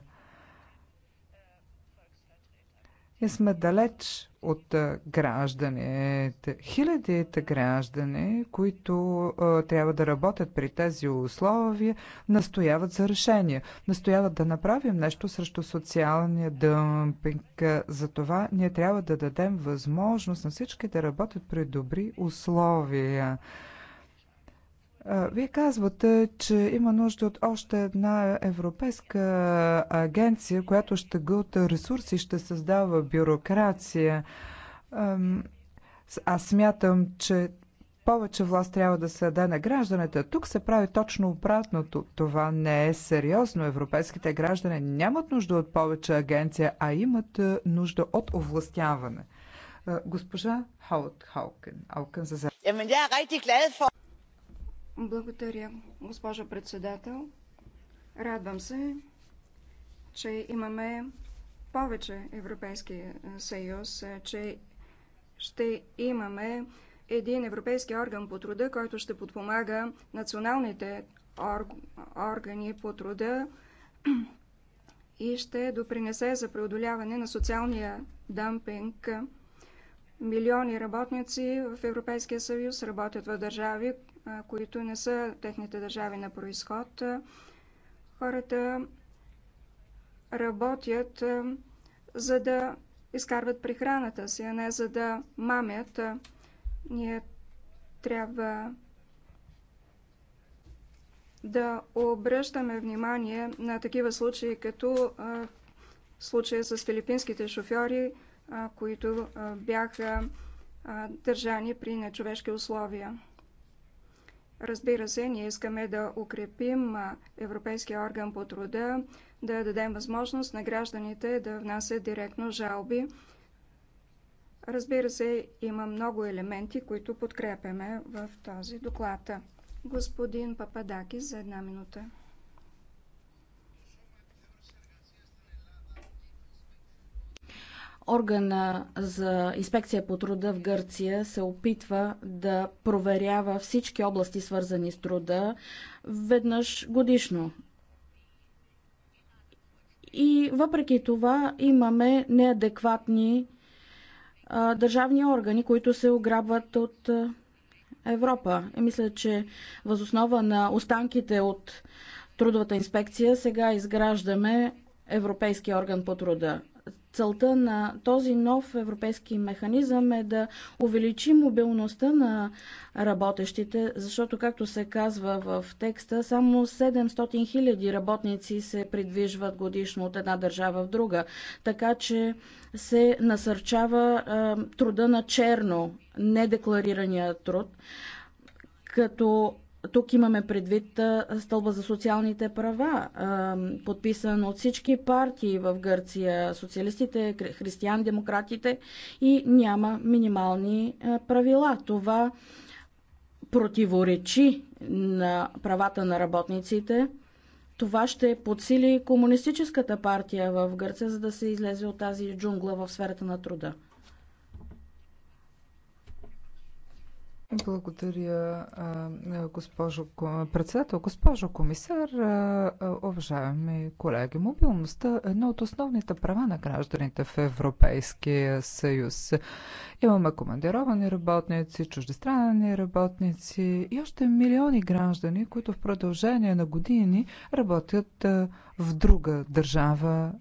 и сме далеч от гражданите, хилядите граждани, които а, трябва да работят при тези условия, настояват за решение. Настояват да направим нещо срещу социалния дъмпинг. Затова ние трябва да дадем възможност на всички да работят при добри условия. Вие казвате, че има нужда от още една европейска агенция, която ще гълта ресурси, ще създава бюрокрация. Аз смятам, че повече власт трябва да се даде на гражданите. Тук се прави точно обратното. Това не е сериозно. Европейските граждани нямат нужда от повече агенция, а имат нужда от овластяване. Госпожа Хаут Халкен, Алкен за благодаря, госпожо председател. Радвам се, че имаме повече Европейски съюз, че ще имаме един европейски орган по труда, който ще подпомага националните органи по труда и ще допринесе за преодоляване на социалния дъмпинг. Милиони работници в Европейския съюз работят в държави, които не са техните държави на происход. Хората работят за да изкарват прехраната си, а не за да мамят. Ние трябва да обръщаме внимание на такива случаи, като случая с филипинските шофьори, които бяха държани при нечовешки условия. Разбира се, ние искаме да укрепим Европейския орган по труда, да дадем възможност на гражданите да внасят директно жалби. Разбира се, има много елементи, които подкрепяме в този доклад. Господин Пападаки за една минута. Органа за инспекция по труда в Гърция се опитва да проверява всички области, свързани с труда, веднъж годишно. И въпреки това имаме неадекватни а, държавни органи, които се ограбват от а, Европа. И мисля, че възоснова на останките от трудовата инспекция сега изграждаме Европейския орган по труда целта на този нов европейски механизъм е да увеличи мобилността на работещите, защото, както се казва в текста, само 700 хиляди работници се придвижват годишно от една държава в друга. Така че се насърчава е, труда на черно, недекларирания труд, като тук имаме предвид стълба за социалните права, подписан от всички партии в Гърция, социалистите, християн, демократите и няма минимални правила. Това противоречи на правата на работниците. Това ще подсили комунистическата партия в Гърция, за да се излезе от тази джунгла в сферата на труда. Благодаря, госпожо председател. Госпожо комисар, уважаеми колеги, мобилността е едно от основните права на гражданите в Европейския съюз. Имаме командировани работници, чуждестранни работници и още милиони граждани, които в продължение на години работят в друга държава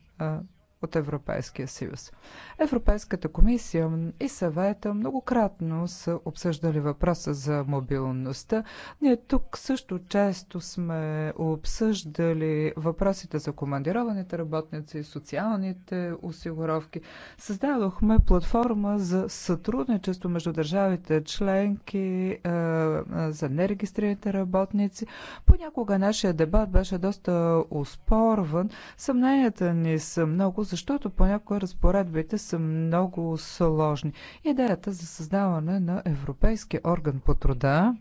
от Европейския съюз. Европейската комисия и съвета многократно са обсъждали въпроса за мобилността. Ние тук също често сме обсъждали въпросите за командированите работници, и социалните осигуровки. Създадохме платформа за сътрудничество между държавите членки за нерегистрираните работници. Понякога нашия дебат беше доста успорван. Съмненията ни са много, защото понякога разпоредбите са много сложни. Идеята за създаване на Европейски орган по труда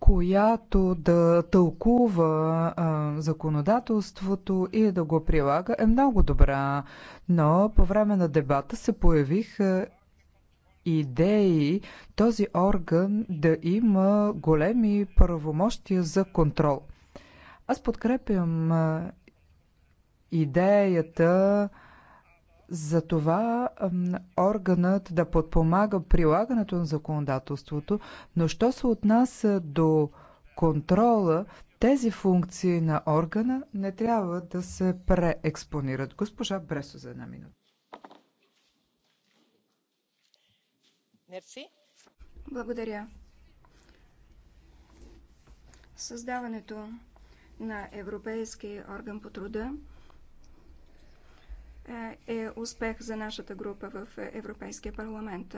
която да тълкува а, законодателството и да го прилага е много добра. Но по време на дебата се появиха идеи този орган да има големи правомощия за контрол. Аз подкрепям идеята за това органът да подпомага прилагането на законодателството, но що се отнася до контрола, тези функции на органа не трябва да се преекспонират. Госпожа Бресо за една минута. Благодаря. Създаването на Европейски орган по труда е успех за нашата група в Европейския парламент.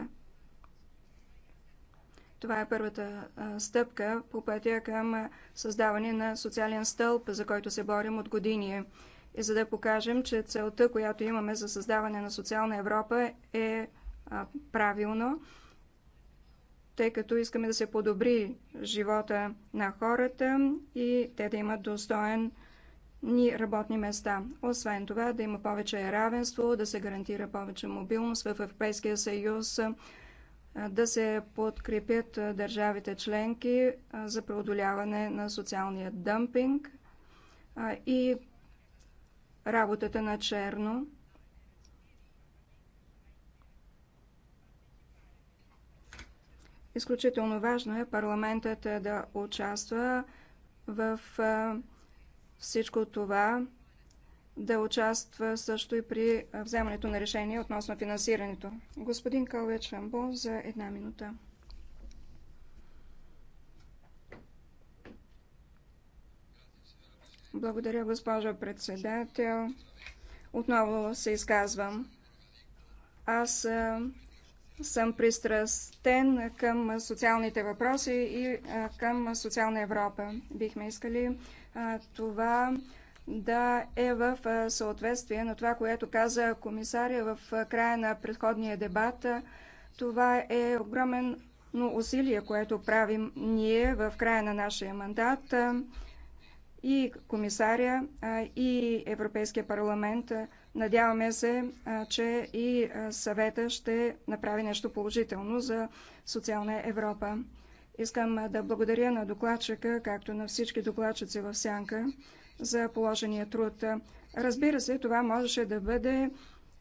Това е първата стъпка по пътя към създаване на социален стълб, за който се борим от години. И за да покажем, че целта, която имаме за създаване на социална Европа е правилно, тъй като искаме да се подобри живота на хората и те да имат достоен ни работни места. Освен това, да има повече равенство, да се гарантира повече мобилност в Европейския съюз, да се подкрепят държавите членки за преодоляване на социалния дъмпинг и работата на черно. Изключително важно е парламентът да участва в всичко това да участва също и при вземането на решение относно финансирането. Господин Калве Шамбо за една минута. Благодаря, госпожа председател. Отново се изказвам. Аз съм пристрастен към социалните въпроси и към социална Европа. Бихме искали това да е в съответствие на това, което каза комисаря в края на предходния дебат. Това е огромен но усилие, което правим ние в края на нашия мандат и комисаря, и Европейския парламент. Надяваме се, че и съвета ще направи нещо положително за социална Европа. Искам да благодаря на докладчика, както на всички докладчици в Сянка, за положения труд. Разбира се, това можеше да бъде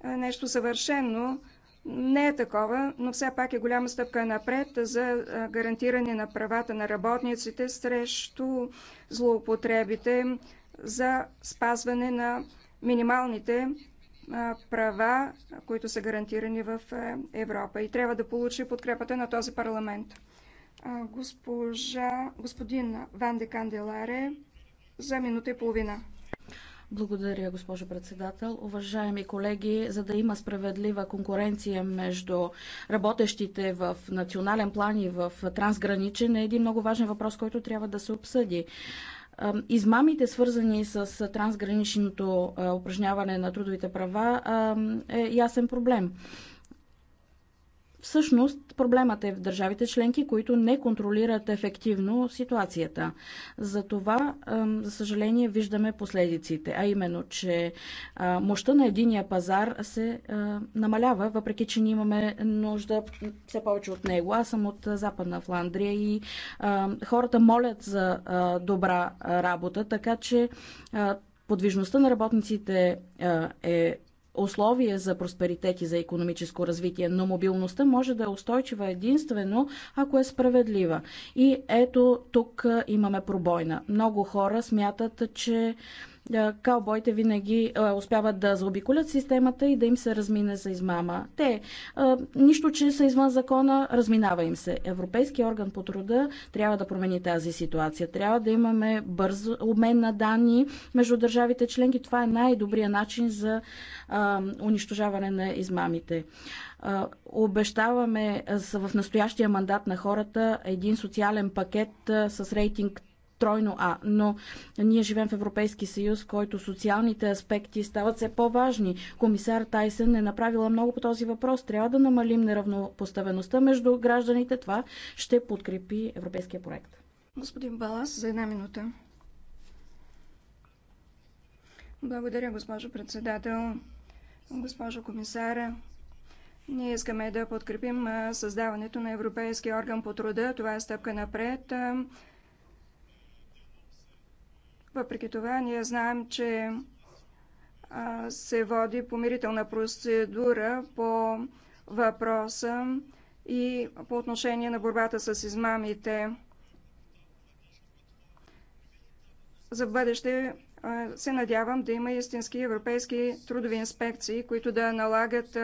нещо съвършено, не е такова, но все пак е голяма стъпка напред за гарантиране на правата на работниците срещу злоупотребите за спазване на минималните права, които са гарантирани в Европа и трябва да получи подкрепата на този парламент. Госпожа, господин Ван де Канделаре за минута и половина. Благодаря, госпожо председател. Уважаеми колеги, за да има справедлива конкуренция между работещите в национален план и в трансграничен е един много важен въпрос, който трябва да се обсъди. Измамите, свързани с трансграничното упражняване на трудовите права, е ясен проблем. Всъщност проблемът е в държавите членки, които не контролират ефективно ситуацията. За това, за съжаление, виждаме последиците, а именно, че мощта на единия пазар се намалява, въпреки че ние имаме нужда все повече от него. Аз съм от Западна Фландрия и хората молят за добра работа, така че подвижността на работниците е условие за просперитет и за економическо развитие, но мобилността може да е устойчива единствено, ако е справедлива. И ето тук имаме пробойна. Много хора смятат, че е, каубойте винаги е, успяват да заобиколят системата и да им се размине за измама. Те, е, нищо, че са извън закона, разминава им се. Европейския орган по труда трябва да промени тази ситуация. Трябва да имаме бърз обмен на данни между държавите членки. Това е най-добрият начин за унищожаване на измамите обещаваме в настоящия мандат на хората един социален пакет с рейтинг тройно А, но ние живеем в Европейски съюз, в който социалните аспекти стават все по-важни. Комисар Тайсън е направила много по този въпрос. Трябва да намалим неравнопоставеността между гражданите. Това ще подкрепи европейския проект. Господин Балас, за една минута. Благодаря, госпожо председател, госпожо комисара. Ние искаме да подкрепим създаването на Европейския орган по труда. Това е стъпка напред. Въпреки това, ние знаем, че се води помирителна процедура по въпроса и по отношение на борбата с измамите. За бъдеще се надявам да има истински европейски трудови инспекции, които да налагат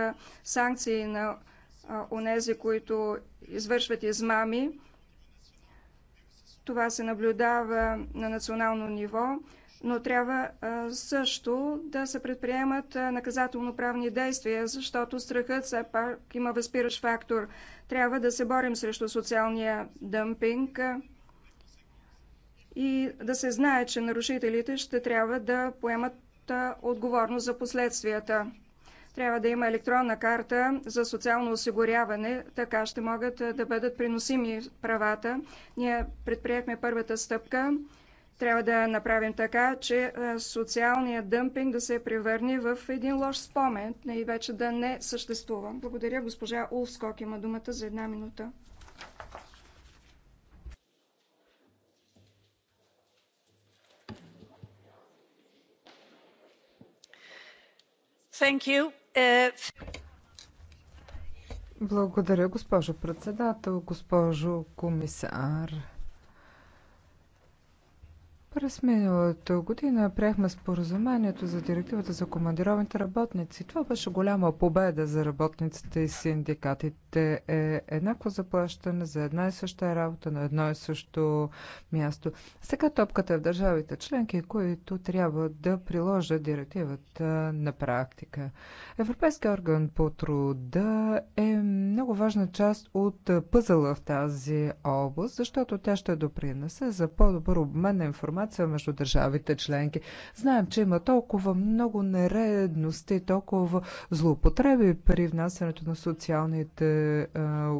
санкции на онези, които извършват измами това се наблюдава на национално ниво, но трябва също да се предприемат наказателно-правни действия, защото страхът все пак има възпиращ фактор. Трябва да се борим срещу социалния дъмпинг и да се знае, че нарушителите ще трябва да поемат отговорност за последствията. Трябва да има електронна карта за социално осигуряване, така ще могат да бъдат приносими правата. Ние предприехме първата стъпка. Трябва да направим така, че социалният дъмпинг да се превърне в един лош спомен и вече да не съществува. Благодаря, госпожа Улскок има думата за една минута. Thank you. Благодаря, госпожо председател, госпожо комисар. През миналата година приехме споразумението за директивата за командированите работници. Това беше голяма победа за работниците и синдикатите. Е еднакво заплащане за една и съща работа на едно и също място. Сега топката е в държавите членки, които трябва да приложат директивата на практика. Европейския орган по труда е много важна част от пъзела в тази област, защото тя ще допринесе за по-добър обмен на информация информация между държавите членки. Знаем, че има толкова много нередности, толкова злоупотреби при внасянето на социалните е,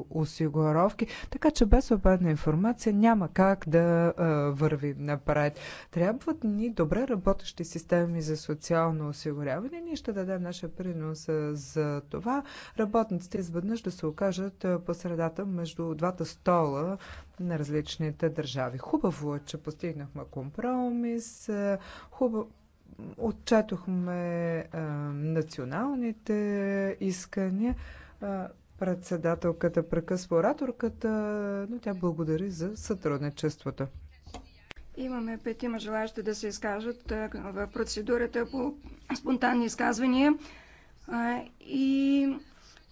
осигуровки, така че без обедна информация няма как да е, върви напред. Трябват ни добре работещи системи за социално осигуряване. Ние ще дадем нашия принос за това работниците изведнъж да се окажат посредата между двата стола на различните държави. Хубаво е, че постигнахме компромис, е, хубаво отчетохме а, е, националните искания. А, е, председателката прекъсва ораторката, но тя благодари за сътрудничеството. Имаме петима желаящи да се изкажат в процедурата по спонтанни изказвания. И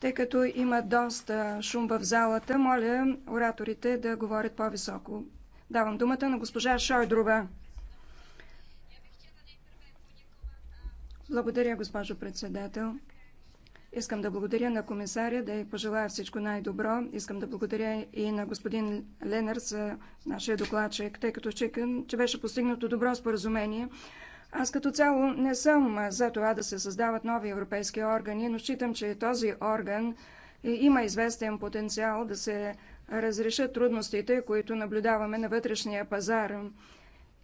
тъй като има доста шум в залата, моля ораторите да говорят по-високо. Давам думата на госпожа Шойдрова. Благодаря, госпожо председател. Искам да благодаря на комисаря, да й пожелая всичко най-добро. Искам да благодаря и на господин Ленър за нашия докладчик, тъй като чекам, че беше постигнато добро споразумение аз като цяло не съм за това да се създават нови европейски органи, но считам, че този орган е, има известен потенциал да се разрешат трудностите, които наблюдаваме на вътрешния пазар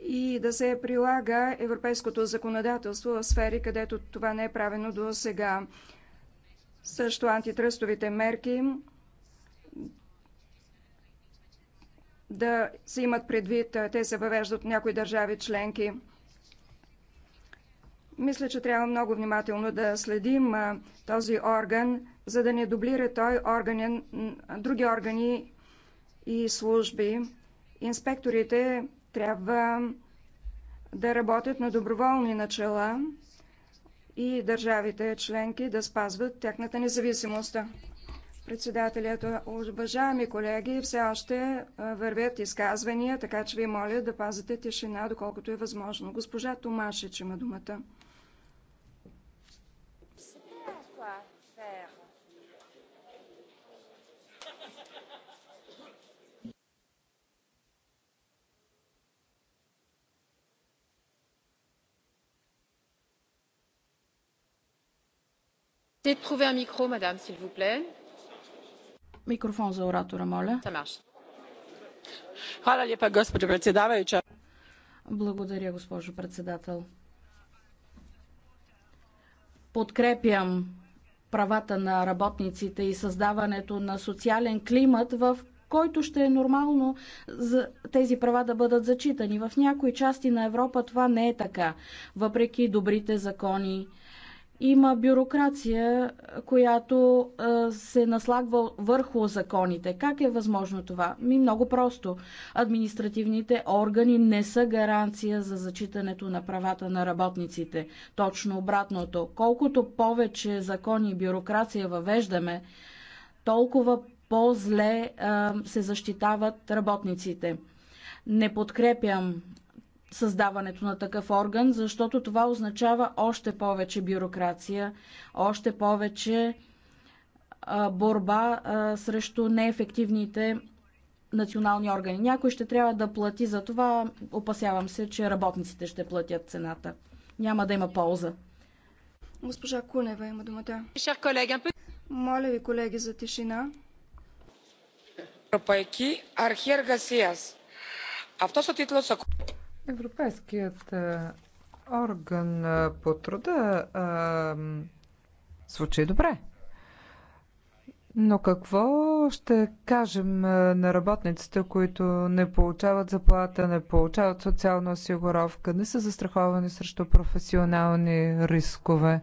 и да се прилага европейското законодателство в сфери, където това не е правено до сега. Също антитръстовите мерки да се имат предвид, те се въвеждат в някои държави членки. Мисля, че трябва много внимателно да следим този орган, за да не дублира той органи, други органи и служби. Инспекторите трябва да работят на доброволни начала и държавите членки да спазват тяхната независимост. Председателят, уважаеми колеги, все още вървят изказвания, така че ви моля да пазите тишина, доколкото е възможно. Госпожа Томашич има думата. Микрофон за оратора, моля. Благодаря, госпожо председател. Подкрепям правата на работниците и създаването на социален климат, в който ще е нормално за тези права да бъдат зачитани. В някои части на Европа това не е така. Въпреки добрите закони, има бюрокрация, която се наслагва върху законите. Как е възможно това? Ми много просто. Административните органи не са гаранция за зачитането на правата на работниците. Точно обратното. Колкото повече закони и бюрокрация въвеждаме, толкова по-зле се защитават работниците. Не подкрепям създаването на такъв орган, защото това означава още повече бюрокрация, още повече борба срещу неефективните национални органи. Някой ще трябва да плати за това. Опасявам се, че работниците ще платят цената. Няма да има полза. Госпожа Кунева има думата. Моля ви, колеги, за тишина. Европейки архиергасияс. Αυτός ο са... Европейският орган по труда а, звучи добре. Но какво ще кажем на работниците, които не получават заплата, не получават социална осигуровка, не са застраховани срещу професионални рискове?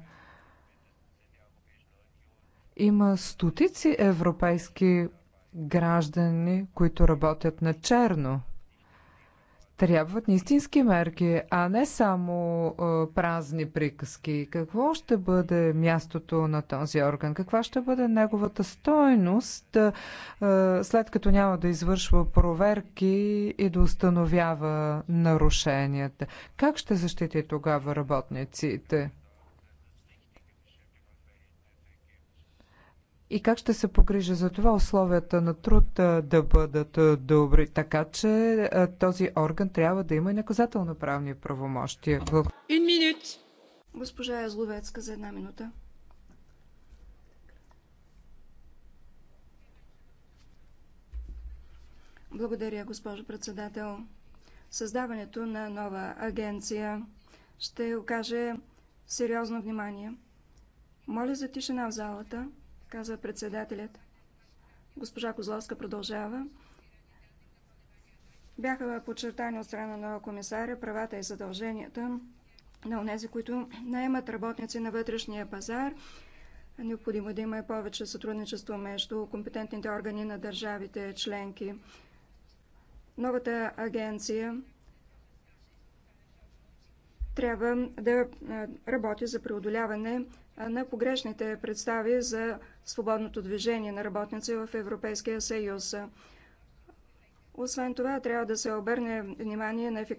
Има стотици европейски граждани, които работят на черно – Трябват истински мерки, а не само а, празни приказки. Какво ще бъде мястото на този орган? Каква ще бъде неговата стойност, а, след като няма да извършва проверки и да установява нарушенията? Как ще защити тогава работниците? и как ще се погрижа за това условията на труд да бъдат добри. Така че този орган трябва да има наказателно-правни правомощия. Госпожа Язловецка за една минута. Благодаря, госпожо председател. Създаването на нова агенция ще окаже сериозно внимание. Моля за тишина в залата каза председателят. Госпожа Козловска продължава. Бяха подчертани от страна на комисаря правата и задълженията на унези, които наемат работници на вътрешния пазар. Необходимо е да има и повече сътрудничество между компетентните органи на държавите членки. Новата агенция трябва да работи за преодоляване на погрешните представи за свободното движение на работници в Европейския съюз. Освен това, трябва да се обърне внимание на ефикасното